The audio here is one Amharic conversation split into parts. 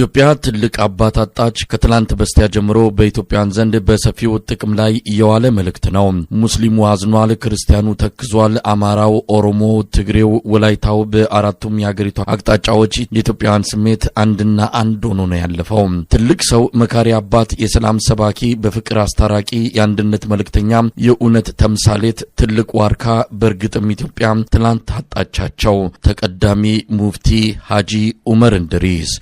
ኢትዮጵያ ትልቅ አባት አጣች ከትላንት በስቲያ ጀምሮ በኢትዮጵያን ዘንድ በሰፊው ጥቅም ላይ እየዋለ መልእክት ነው። ሙስሊሙ አዝኗል፣ ክርስቲያኑ ተክዟል፣ አማራው፣ ኦሮሞው፣ ትግሬው፣ ወላይታው በአራቱም የአገሪቱ አቅጣጫዎች የኢትዮጵያውያን ስሜት አንድና አንድ ሆኖ ነው ያለፈው። ትልቅ ሰው፣ መካሪ አባት፣ የሰላም ሰባኪ፣ በፍቅር አስታራቂ፣ የአንድነት መልእክተኛ፣ የእውነት ተምሳሌት፣ ትልቅ ዋርካ በእርግጥም ኢትዮጵያ ትላንት አጣቻቸው ተቀዳሚ ሙፍቲ ሐጂ ኡመር እንድሪስ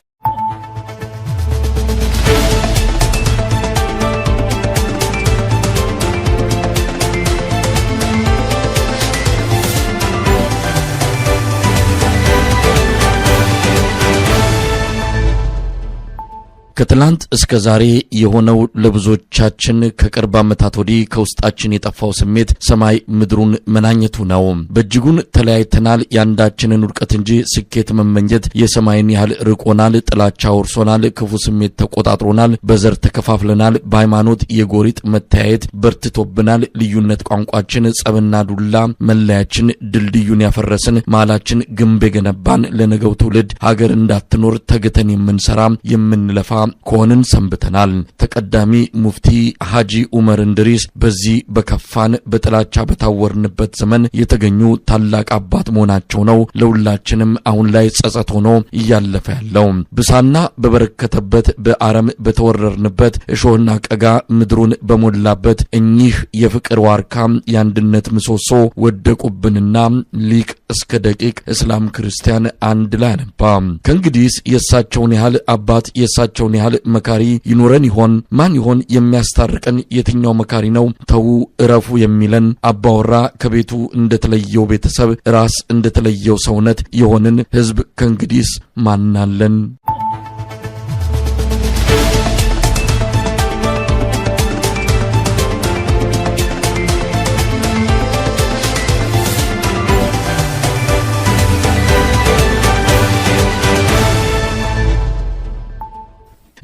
ከትላንት እስከ ዛሬ የሆነው ለብዙዎቻችን ከቅርብ ዓመታት ወዲህ ከውስጣችን የጠፋው ስሜት ሰማይ ምድሩን መናኘቱ ነው። በእጅጉን ተለያይተናል። የአንዳችንን ውድቀት እንጂ ስኬት መመኘት የሰማይን ያህል ርቆናል። ጥላቻ ወርሶናል። ክፉ ስሜት ተቆጣጥሮናል። በዘር ተከፋፍለናል። በሃይማኖት የጎሪጥ መተያየት በርትቶብናል። ልዩነት ቋንቋችን፣ ጸብና ዱላ መለያችን ድልድዩን ያፈረስን መሃላችን ግንብ የገነባን ለነገው ትውልድ ሀገር እንዳትኖር ተግተን የምንሰራ የምንለፋ ከሆንን ሰንብተናል። ተቀዳሚ ሙፍቲ ሐጂ ዑመር እንድሪስ በዚህ በከፋን በጥላቻ በታወርንበት ዘመን የተገኙ ታላቅ አባት መሆናቸው ነው ለሁላችንም አሁን ላይ ጸጸት ሆኖ እያለፈ ያለው። ብሳና በበረከተበት በአረም በተወረርንበት እሾህና ቀጋ ምድሩን በሞላበት እኚህ የፍቅር ዋርካ የአንድነት ምሰሶ ወደቁብንና ሊቅ እስከ ደቂቅ እስላም ክርስቲያን አንድ ላይ አነባ። ከእንግዲህስ የእሳቸውን ያህል አባት የእሳቸውን ያህል መካሪ ይኖረን ይሆን? ማን ይሆን የሚያስታርቀን? የትኛው መካሪ ነው? ተዉ እረፉ የሚለን አባወራ ከቤቱ እንደተለየው ቤተሰብ ራስ እንደተለየው ሰውነት የሆንን ህዝብ ከእንግዲስ ማናለን?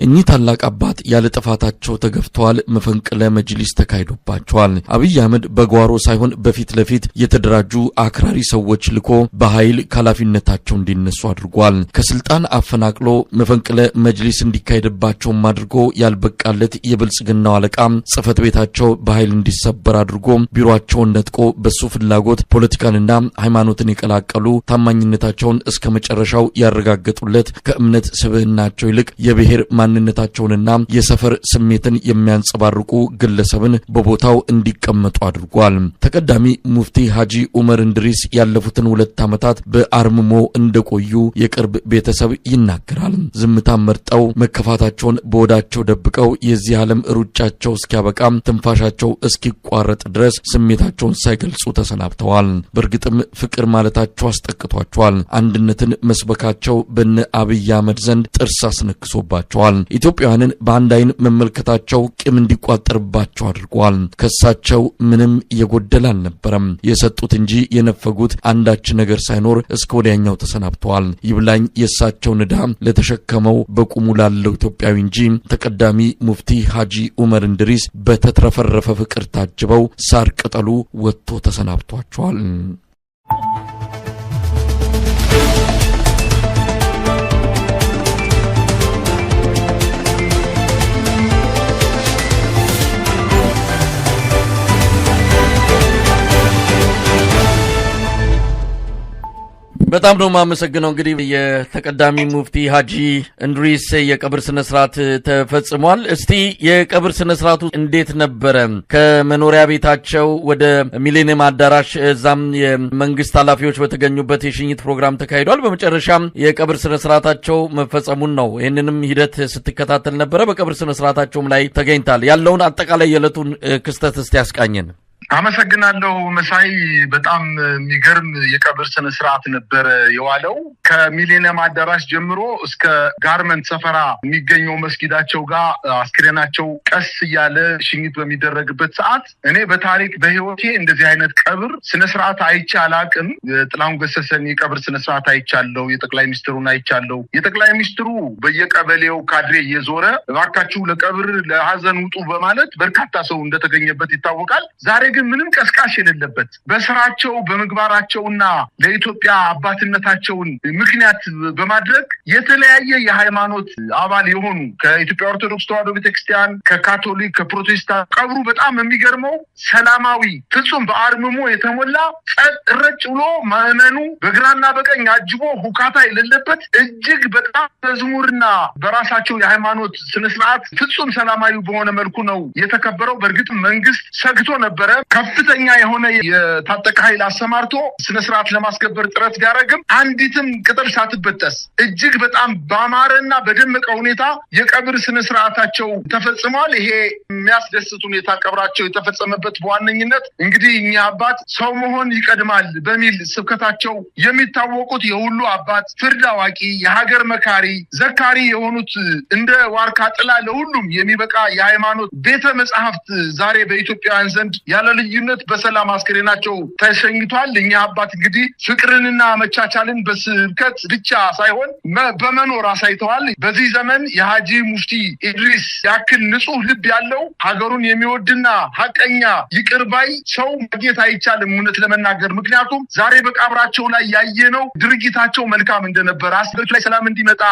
እኚህ ታላቅ አባት ያለ ጥፋታቸው ተገፍተዋል። መፈንቅለ መጅሊስ ተካሂዶባቸዋል። አብይ አህመድ በጓሮ ሳይሆን በፊት ለፊት የተደራጁ አክራሪ ሰዎች ልኮ በኃይል ከኃላፊነታቸው እንዲነሱ አድርጓል። ከስልጣን አፈናቅሎ መፈንቅለ መጅሊስ እንዲካሄድባቸውም አድርጎ ያልበቃለት የብልጽግናው አለቃ ጽህፈት ቤታቸው በኃይል እንዲሰበር አድርጎ ቢሮቸውን ነጥቆ በሱ ፍላጎት ፖለቲካንና ሃይማኖትን የቀላቀሉ ታማኝነታቸውን እስከ መጨረሻው ያረጋገጡለት ከእምነት ስብህናቸው ይልቅ የብሔር ማን ማንነታቸውንና የሰፈር ስሜትን የሚያንጸባርቁ ግለሰብን በቦታው እንዲቀመጡ አድርጓል። ተቀዳሚ ሙፍቲ ሐጂ ዑመር እንድሪስ ያለፉትን ሁለት ዓመታት በአርምሞ እንደቆዩ የቅርብ ቤተሰብ ይናገራል። ዝምታን መርጠው መከፋታቸውን በወዳቸው ደብቀው የዚህ ዓለም ሩጫቸው እስኪያበቃ ትንፋሻቸው እስኪቋረጥ ድረስ ስሜታቸውን ሳይገልጹ ተሰናብተዋል። በእርግጥም ፍቅር ማለታቸው አስጠቅቷቸዋል። አንድነትን መስበካቸው በነ አብይ አህመድ ዘንድ ጥርስ አስነክሶባቸዋል። ኢትዮጵያውያንን በአንድ አይን መመልከታቸው ቂም እንዲቋጠርባቸው አድርጓል። ከሳቸው ምንም የጎደለ አልነበረም። የሰጡት እንጂ የነፈጉት አንዳች ነገር ሳይኖር እስከ ወዲያኛው ተሰናብተዋል። ይብላኝ የእሳቸው ንዳ ለተሸከመው በቁሙ ላለው ኢትዮጵያዊ እንጂ ተቀዳሚ ሙፍቲ ሐጂ ዑመር እንድሪስ በተትረፈረፈ ፍቅር ታጅበው ሳር ቅጠሉ ወጥቶ ተሰናብቷቸዋል። በጣም ነው የማመሰግነው። እንግዲህ የተቀዳሚ ሙፍቲ ሀጂ እንድሪስ የቀብር ስነ ስርዓት ተፈጽሟል። እስቲ የቀብር ስነ ስርዓቱ እንዴት ነበረ? ከመኖሪያ ቤታቸው ወደ ሚሌኒየም አዳራሽ፣ እዛም የመንግስት ኃላፊዎች በተገኙበት የሽኝት ፕሮግራም ተካሂዷል። በመጨረሻም የቀብር ስነ ስርዓታቸው መፈጸሙን ነው። ይህንንም ሂደት ስትከታተል ነበረ። በቀብር ስነ ስርዓታቸውም ላይ ተገኝታል። ያለውን አጠቃላይ የዕለቱን ክስተት እስቲ ያስቃኝን። አመሰግናለሁ መሳይ። በጣም የሚገርም የቀብር ስነ ስርዓት ነበረ የዋለው። ከሚሊኒየም አዳራሽ ጀምሮ እስከ ጋርመንት ሰፈራ የሚገኘው መስጊዳቸው ጋር አስክሬናቸው ቀስ እያለ ሽኝት በሚደረግበት ሰዓት እኔ በታሪክ በህይወቴ እንደዚህ አይነት ቀብር ስነ ስርዓት አይቼ አላቅም። ጥላሁን ገሰሰን የቀብር ስነ ስርዓት አይቻለው፣ የጠቅላይ ሚኒስትሩን አይቻለው። የጠቅላይ ሚኒስትሩ በየቀበሌው ካድሬ እየዞረ እባካችሁ ለቀብር ለሀዘን ውጡ በማለት በርካታ ሰው እንደተገኘበት ይታወቃል ዛሬ ግን ምንም ቀስቃሽ የሌለበት በስራቸው በምግባራቸውና ለኢትዮጵያ አባትነታቸውን ምክንያት በማድረግ የተለያየ የሃይማኖት አባል የሆኑ ከኢትዮጵያ ኦርቶዶክስ ተዋዶ ቤተክርስቲያን፣ ከካቶሊክ፣ ከፕሮቴስታንት ቀብሩ በጣም የሚገርመው ሰላማዊ ፍጹም በአርምሞ የተሞላ ጸጥ ረጭ ብሎ ምዕመኑ በግራና በቀኝ አጅቦ ሁካታ የሌለበት እጅግ በጣም መዝሙርና በራሳቸው የሃይማኖት ስነስርዓት ፍጹም ሰላማዊ በሆነ መልኩ ነው የተከበረው። በእርግጥ መንግስት ሰግቶ ነበረ። ከፍተኛ የሆነ የታጠቀ ኃይል አሰማርቶ ስነስርዓት ለማስከበር ጥረት ቢያደረግም አንዲትም ቅጥር ሳትበጠስ እጅግ በጣም በአማረና በደመቀ ሁኔታ የቀብር ስነስርዓታቸው ተፈጽሟል። ይሄ የሚያስደስት ሁኔታ ቀብራቸው የተፈጸመበት በዋነኝነት እንግዲህ እኛ አባት ሰው መሆን ይቀድማል በሚል ስብከታቸው የሚታወቁት የሁሉ አባት፣ ፍርድ አዋቂ፣ የሀገር መካሪ፣ ዘካሪ የሆኑት እንደ ዋርካ ጥላ ለሁሉም የሚበቃ የሃይማኖት ቤተ መጽሐፍት ዛሬ በኢትዮጵያውያን ዘንድ ያለ ልዩነት በሰላም አስከሬናቸው ተሸኝቷል። እኛ አባት እንግዲህ ፍቅርንና መቻቻልን በስብከት ብቻ ሳይሆን በመኖር አሳይተዋል። በዚህ ዘመን የሀጂ ሙፍቲ ኢድሪስ ያክል ንጹህ ልብ ያለው ሀገሩን የሚወድና ሀቀኛ ይቅርባይ ሰው ማግኘት አይቻልም፣ እውነት ለመናገር ምክንያቱም ዛሬ በቃብራቸው ላይ ያየነው ድርጊታቸው መልካም እንደነበረ አስቤቱ ላይ ሰላም እንዲመጣ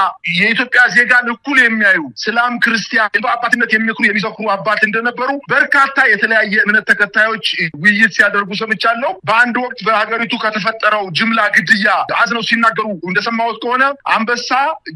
የኢትዮጵያ ዜጋን እኩል የሚያዩ ስላም ክርስቲያን በአባትነት የሚክሩ የሚዘክሩ አባት እንደነበሩ በርካታ የተለያየ እምነት ተከታዮች ጉዳዮች ውይይት ሲያደርጉ ሰምቻለሁ። በአንድ ወቅት በሀገሪቱ ከተፈጠረው ጅምላ ግድያ አዝነው ሲናገሩ እንደሰማሁት ከሆነ አንበሳ፣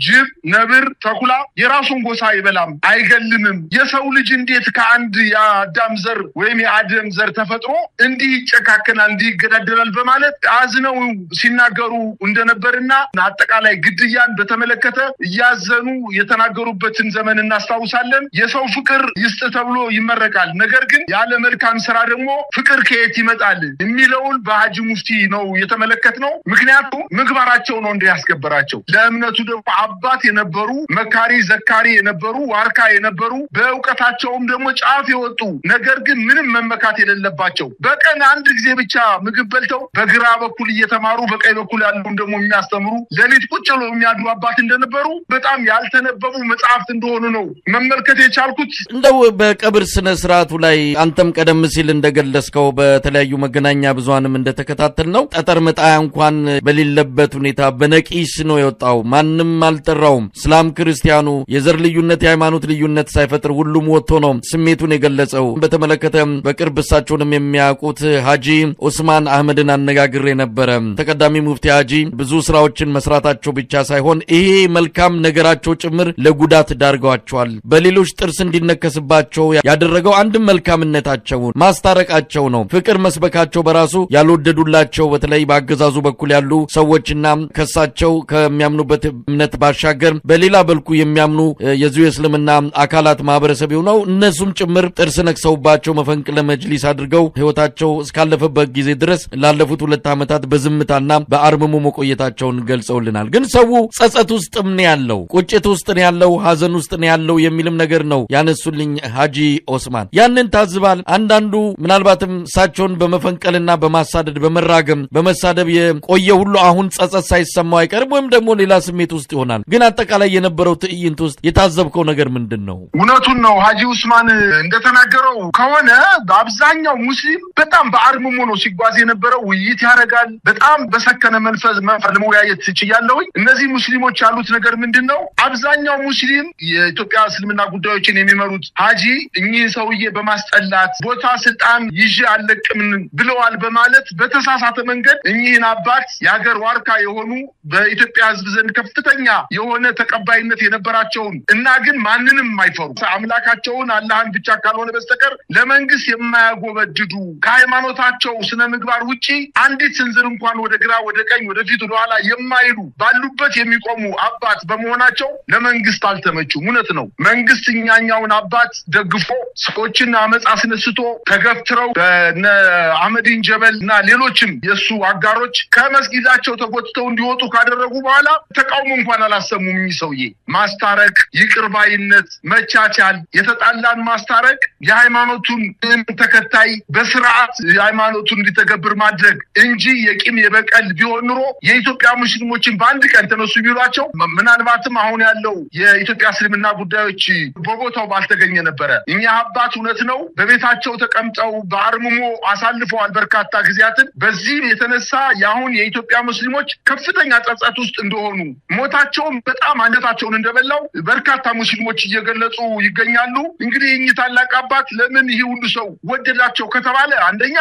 ጅብ፣ ነብር፣ ተኩላ የራሱን ጎሳ አይበላም፣ አይገልምም። የሰው ልጅ እንዴት ከአንድ የአዳም ዘር ወይም የአደም ዘር ተፈጥሮ እንዲህ ይጨካከናል፣ እንዲህ ይገዳደላል በማለት አዝነው ሲናገሩ እንደነበርና አጠቃላይ ግድያን በተመለከተ እያዘኑ የተናገሩበትን ዘመን እናስታውሳለን። የሰው ፍቅር ይስጥ ተብሎ ይመረቃል። ነገር ግን ያለ መልካም ስራ ደግሞ ደግሞ ፍቅር ከየት ይመጣል የሚለውን በሀጂ ሙፍቲ ነው የተመለከት ነው። ምክንያቱም ምግባራቸው ነው እንደ ያስገበራቸው ለእምነቱ ደግሞ አባት የነበሩ መካሪ ዘካሪ የነበሩ ዋርካ የነበሩ በእውቀታቸውም ደግሞ ጫፍ የወጡ ነገር ግን ምንም መመካት የሌለባቸው በቀን አንድ ጊዜ ብቻ ምግብ በልተው በግራ በኩል እየተማሩ በቀኝ በኩል ያሉን ደግሞ የሚያስተምሩ ሌሊት ቁጭ ብለው የሚያዱ አባት እንደነበሩ በጣም ያልተነበቡ መጽሐፍት እንደሆኑ ነው መመልከት የቻልኩት። እንደው በቀብር ስነ ስርዓቱ ላይ አንተም ቀደም ሲል እንደ እንደገለጽከው በተለያዩ መገናኛ ብዙሃንም እንደተከታተል ነው ጠጠር መጣያ እንኳን በሌለበት ሁኔታ በነቂስ ነው የወጣው። ማንም አልጠራውም። እስላም ክርስቲያኑ፣ የዘር ልዩነት፣ የሃይማኖት ልዩነት ሳይፈጥር ሁሉም ወጥቶ ነው ስሜቱን የገለጸው። በተመለከተ በቅርብ እሳቸውንም የሚያውቁት ሀጂ ኡስማን አህመድን አነጋግሬ ነበረ። ተቀዳሚ ሙፍቲ ሀጂ ብዙ ስራዎችን መስራታቸው ብቻ ሳይሆን ይሄ መልካም ነገራቸው ጭምር ለጉዳት ዳርገዋቸዋል። በሌሎች ጥርስ እንዲነከስባቸው ያደረገው አንድም መልካምነታቸውን ማስታረቅ መስበካቸው ነው። ፍቅር መስበካቸው በራሱ ያልወደዱላቸው በተለይ በአገዛዙ በኩል ያሉ ሰዎችና ከሳቸው ከሚያምኑበት እምነት ባሻገር በሌላ በልኩ የሚያምኑ የዚሁ የእስልምና አካላት ማህበረሰብ የሆነው እነሱም ጭምር ጥርስ ነክሰውባቸው መፈንቅለ መጅሊስ አድርገው ህይወታቸው እስካለፈበት ጊዜ ድረስ ላለፉት ሁለት ዓመታት በዝምታና በአርምሞ መቆየታቸውን ገልጸውልናል። ግን ሰው ጸጸት ውስጥ ነው ያለው፣ ቁጭት ውስጥ ነው ያለው፣ ሀዘን ውስጥ ነው ያለው የሚልም ነገር ነው ያነሱልኝ ሀጂ ኦስማን። ያንን ታዝባል አንዳንዱ ምና ምናልባትም እሳቸውን በመፈንቀልና በማሳደድ በመራገም በመሳደብ የቆየ ሁሉ አሁን ጸጸት ሳይሰማው አይቀርም፣ ወይም ደግሞ ሌላ ስሜት ውስጥ ይሆናል። ግን አጠቃላይ የነበረው ትዕይንት ውስጥ የታዘብከው ነገር ምንድን ነው? እውነቱን ነው ሀጂ ኡስማን እንደተናገረው ከሆነ በአብዛኛው ሙስሊም በጣም በአርምሞ ነው ሲጓዝ የነበረው። ውይይት ያደርጋል። በጣም በሰከነ መንፈስ መንፈር ለመወያየት ችያለሁኝ። እነዚህ ሙስሊሞች ያሉት ነገር ምንድን ነው? አብዛኛው ሙስሊም የኢትዮጵያ እስልምና ጉዳዮችን የሚመሩት ሀጂ እኚህ ሰውዬ በማስጠላት ቦታ ስልጣን ስልጣን ይዤ አለቅም ብለዋል በማለት በተሳሳተ መንገድ እኚህን አባት የሀገር ዋርካ የሆኑ በኢትዮጵያ ሕዝብ ዘንድ ከፍተኛ የሆነ ተቀባይነት የነበራቸውን እና ግን ማንንም አይፈሩ አምላካቸውን አላህን ብቻ ካልሆነ በስተቀር ለመንግስት የማያጎበድዱ ከሃይማኖታቸው ስነ ምግባር ውጪ አንዲት ስንዝር እንኳን ወደ ግራ፣ ወደ ቀኝ፣ ወደፊት፣ ወደኋላ የማይሉ ባሉበት የሚቆሙ አባት በመሆናቸው ለመንግስት አልተመቹም። እውነት ነው። መንግስት እኛኛውን አባት ደግፎ ሰዎችን አመፅ አስነስቶ ተገፍ ተገትረው በነ አህመዲን ጀበል እና ሌሎችም የእሱ አጋሮች ከመስጊዳቸው ተጎትተው እንዲወጡ ካደረጉ በኋላ ተቃውሞ እንኳን አላሰሙም። እኚህ ሰውዬ ማስታረቅ፣ ይቅርባይነት፣ መቻቻል፣ የተጣላን ማስታረቅ፣ የሃይማኖቱን ተከታይ በስርዓት ሃይማኖቱን እንዲተገብር ማድረግ እንጂ የቂም የበቀል ቢሆን ኑሮ የኢትዮጵያ ሙስሊሞችን በአንድ ቀን ተነሱ ቢሏቸው ምናልባትም አሁን ያለው የኢትዮጵያ እስልምና ጉዳዮች በቦታው ባልተገኘ ነበረ። እኛ አባት እውነት ነው በቤታቸው ተቀምጠው በአርምሞ አሳልፈዋል በርካታ ጊዜያትን። በዚህም የተነሳ የአሁን የኢትዮጵያ ሙስሊሞች ከፍተኛ ጸጸት ውስጥ እንደሆኑ ሞታቸውን በጣም አንገታቸውን እንደበላው በርካታ ሙስሊሞች እየገለጹ ይገኛሉ። እንግዲህ እኚህ ታላቅ አባት ለምን ይህ ሁሉ ሰው ወደዳቸው ከተባለ አንደኛ